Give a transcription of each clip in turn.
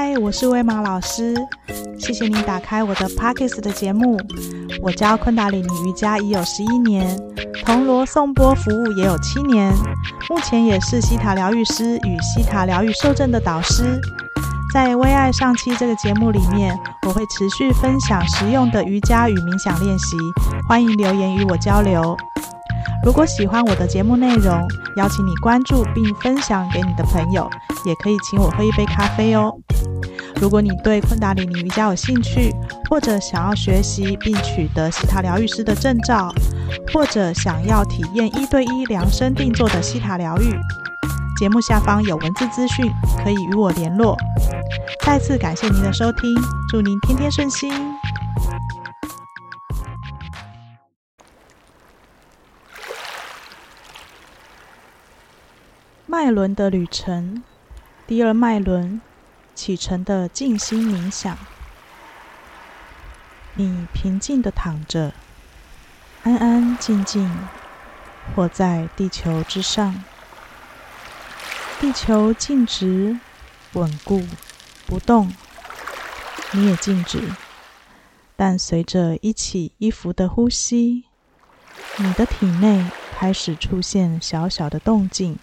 嗨，我是葳瑪老師， 謝謝你打開我的 Podcast 的節目。我教昆達里尼瑜伽已有十一年，銅鑼頌缽服務也有七年，目前也是希塔療癒師與希塔療癒授證的導師。在葳愛上七這個節目裡面，我會持續分享實用的瑜伽與冥想練習，歡迎留言與我交流。如果喜歡我的節目內容，邀請你關注並分享給你的朋友，也可以請我喝一杯咖啡哦。如果你對昆達里尼瑜伽有興趣，或者想要學習並取得希塔療癒師的證照，或者想要體驗一對一量身定做的希塔療癒，節目下方有文字資訊，可以與我聯絡。再次感謝您的收聽，祝您天天順心。脈輪的旅程，第二脈輪。啟程的靜心冥想，你平靜的躺着，安安靜靜，活在地球之上。地球靜止、穩固、不動，你也靜止。但隨着一起一伏的呼吸，你的體內開始出現小小的動靜，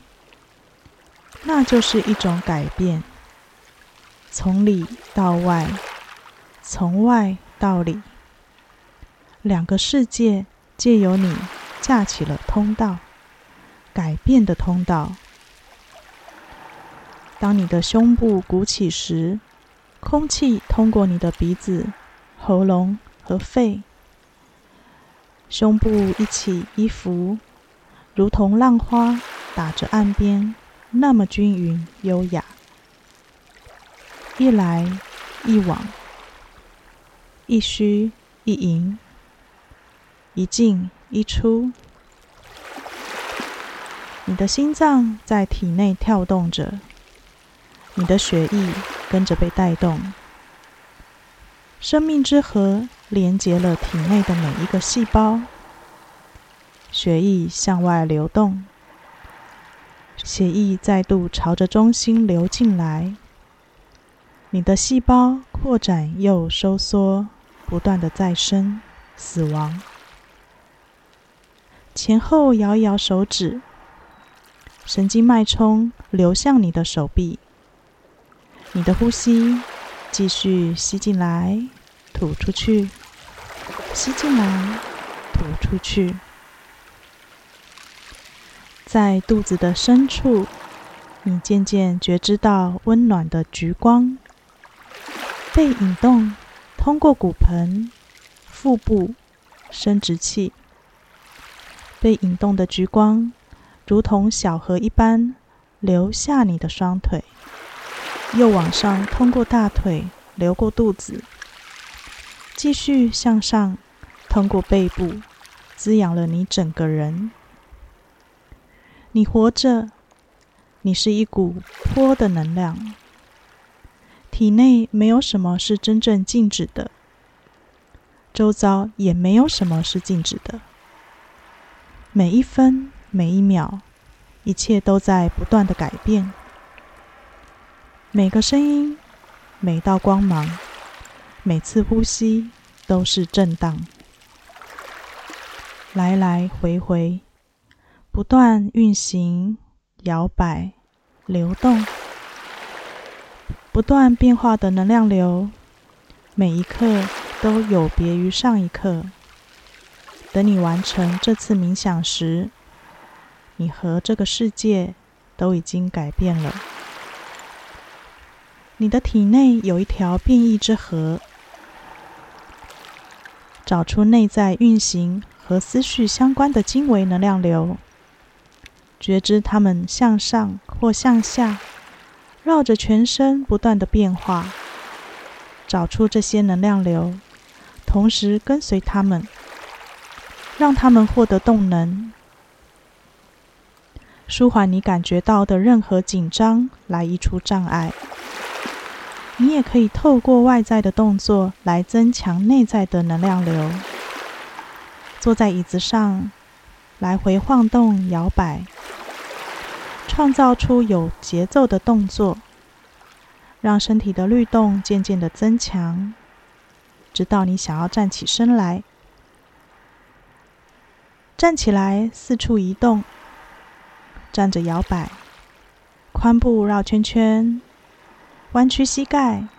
那就是一種改變。從裡到外，從外到裡，兩個世界借由你架起了通道，改變的通道。當你的胸部鼓起時，空氣通過你的鼻子、喉嚨和肺，胸部一起一伏，如同浪花打着岸邊，那麼均勻優雅。一來一往，一虛一盈，一進一出。你的心臟在體內跳動着，你的血液跟着被帶動，生命之河連接了體內的每一個細胞，血液向外流動，血液再度朝着中心流進來。你的細胞擴展又收縮，不斷地再生、死亡。前後搖一搖手指，神經脈衝流向你的手臂。你的呼吸繼續吸進來，吐出去，吸進來，吐出去。在肚子的深處，你漸漸覺知到溫暖的橘光。被引動，通過骨盆、腹部、生殖器，被引動的橘光，如同小河一般流下你的雙腿，又往上通過大腿，流過肚子，繼續向上通過背部，滋養了你整個人。你活着，你是一股潑的能量。體內沒有什麼是真正靜止的，周遭也沒有什麼是靜止的。每一分每一秒，一切都在不斷的改變。每個聲音，每道光芒，每次呼吸都是震盪。來來回回，不斷運行、搖擺、流動。不斷變化的能量流，每一刻都有別於上一刻。等你完成這次冥想時，你和這個世界都已經改變了。你的體內有一條變異之河，找出內在運行和思緒相關的精微能量流，覺知它們向上或向下。繞着全身不斷的變化，找出這些能量流，同時跟隨他們，讓他們獲得動能，舒緩你感覺到的任何緊張，來移除障礙。你也可以透過外在的動作來增強內在的能量流。坐在椅子上，來回晃動、搖擺。創造出有節奏的動作，讓身體的律動漸漸地增強，直到你想要站起身來。站起來，四處移動，站着搖擺，髖部繞圈圈，彎曲膝蓋，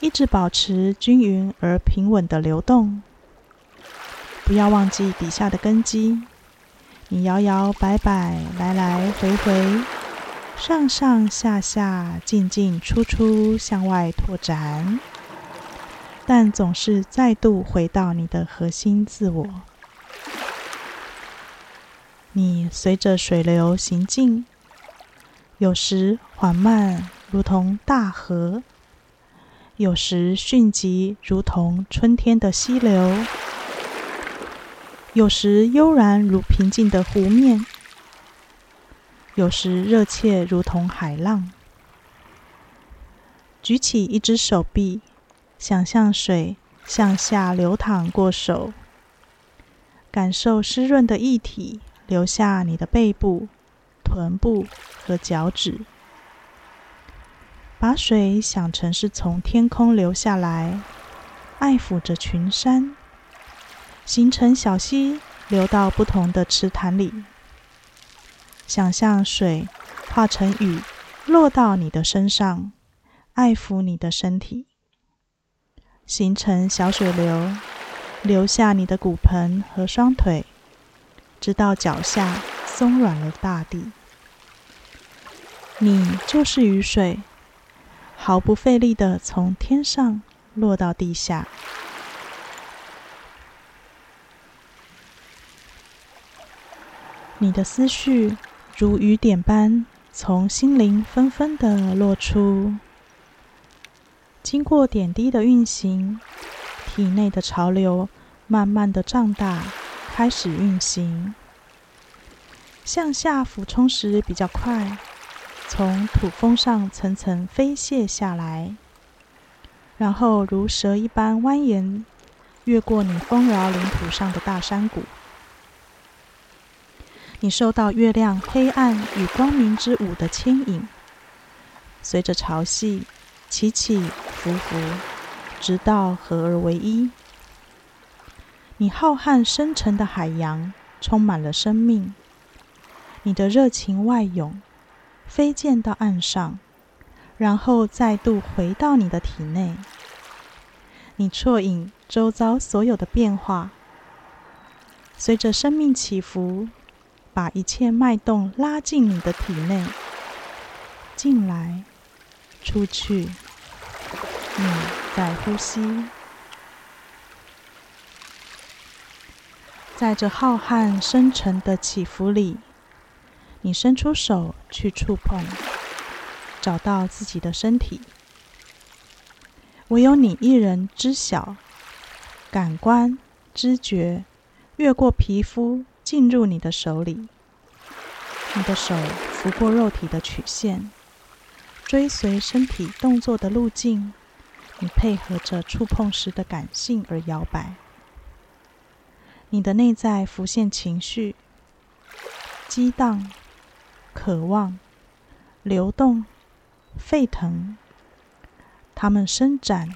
一直保持均勻而平穩的流動。不要忘記底下的根基，你搖搖擺擺，來來回回。上上下下，進進出出，向外拓展，但總是再度回到你的核心自我。你隨着水流行進，有時緩慢如同大河，有時迅疾如同春天的溪流，有時悠然如平靜的湖面。有時熱切如同海浪，舉起一隻手臂，想象水向下流淌過手，感受濕潤的液體流下你的背部、臀部和腳趾。把水想成是從天空流下來，愛撫着群山，形成小溪流到不同的池潭裡。想象水化成雨，落到你的身上，愛撫你的身體，形成小水流，流下你的骨盆和雙腿，直到腳下鬆軟了大地。你就是雨水，毫不費力地從天上落到地下。你的思緒，如雨點般從心靈紛紛的落出，經過點滴的運行，體內的潮流慢慢的壯大，開始運行。向下俯衝時比較快，從土峰上層層飛瀉下來，然後如蛇一般蜿蜒，越過你豐饒領土上的大山谷。你受到月亮黑暗與光明之舞的牽引，隨着潮汐起起伏伏，直到合而為一。你浩瀚深沉的海洋充滿了生命，你的熱情外湧，飛濺到岸上，然後再度回到你的體內。你啜飲周遭所有的變化，隨着生命起伏。把一切脈動拉進你的體內，進來，出去。你在呼吸，在這浩瀚深沉的起伏裡，你伸出手去觸碰，找到自己的身體。唯有你一人知曉，感官、知覺、越過皮膚。進入你的手裡，你的手拂過肉體的曲線，追隨身體動作的路徑，你配合着觸碰時的感性而搖擺。你的內在浮現情緒，激盪、渴望、流動、沸騰，它們伸展、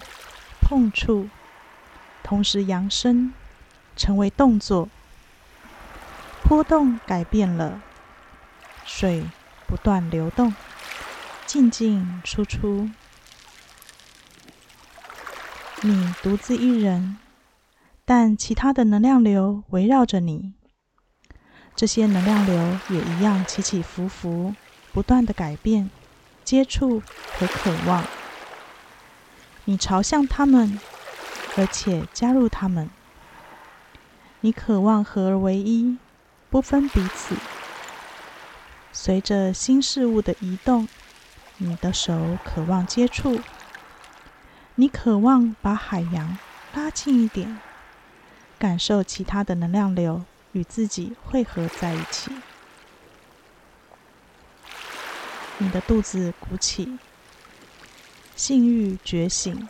碰觸，同時揚升，成為動作。波動改變了，水不斷流動，進進出出。你獨自一人，但其他的能量流圍繞着你。這些能量流也一樣起起伏伏，不斷的改變、接觸和渴望。你朝向他們，而且加入他們。你渴望合而為一。不分彼此。隨着新事物的移動，你的手渴望接觸，你渴望把海洋拉近一點，感受其他的能量流與自己匯合在一起。你的肚子鼓起，性欲覺醒，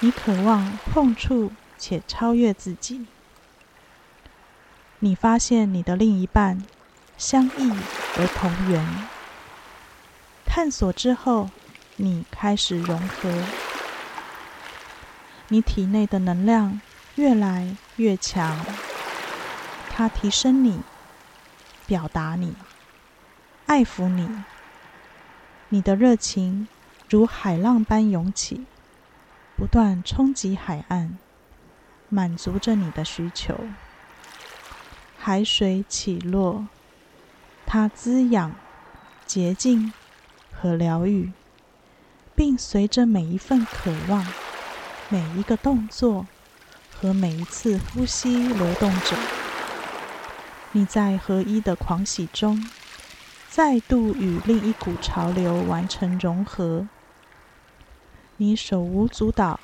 你渴望碰觸且超越自己。你發現你的另一半相異而同源，探索之後，你開始融合。你體內的能量越來越強，它提升你，表達你，愛撫你。你的熱情如海浪般湧起，不斷衝擊海岸，滿足着你的需求。海水起落，它滋養、潔淨和療癒，並隨着每一份渴望、每一個動作和每一次呼吸流動着。你在合一的狂喜中，再度與另一股潮流完成融合。你手舞足蹈，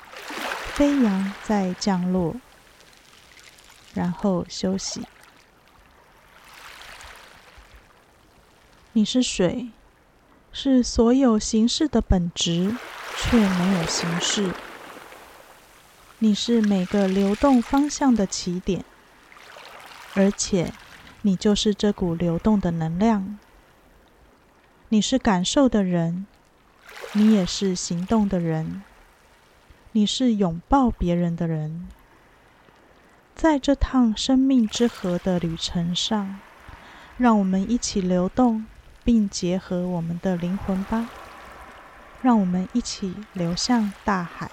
飛揚再降落，然後休息。你是水，是所有形式的本質，卻沒有形式。你是每個流動方向的起點，而且你就是這股流動的能量。你是感受的人，你也是行動的人。你是擁抱別人的人。在這趟生命之河的旅程上，讓我們一起流動。並結合我們的靈魂吧，讓我們一起流向大海。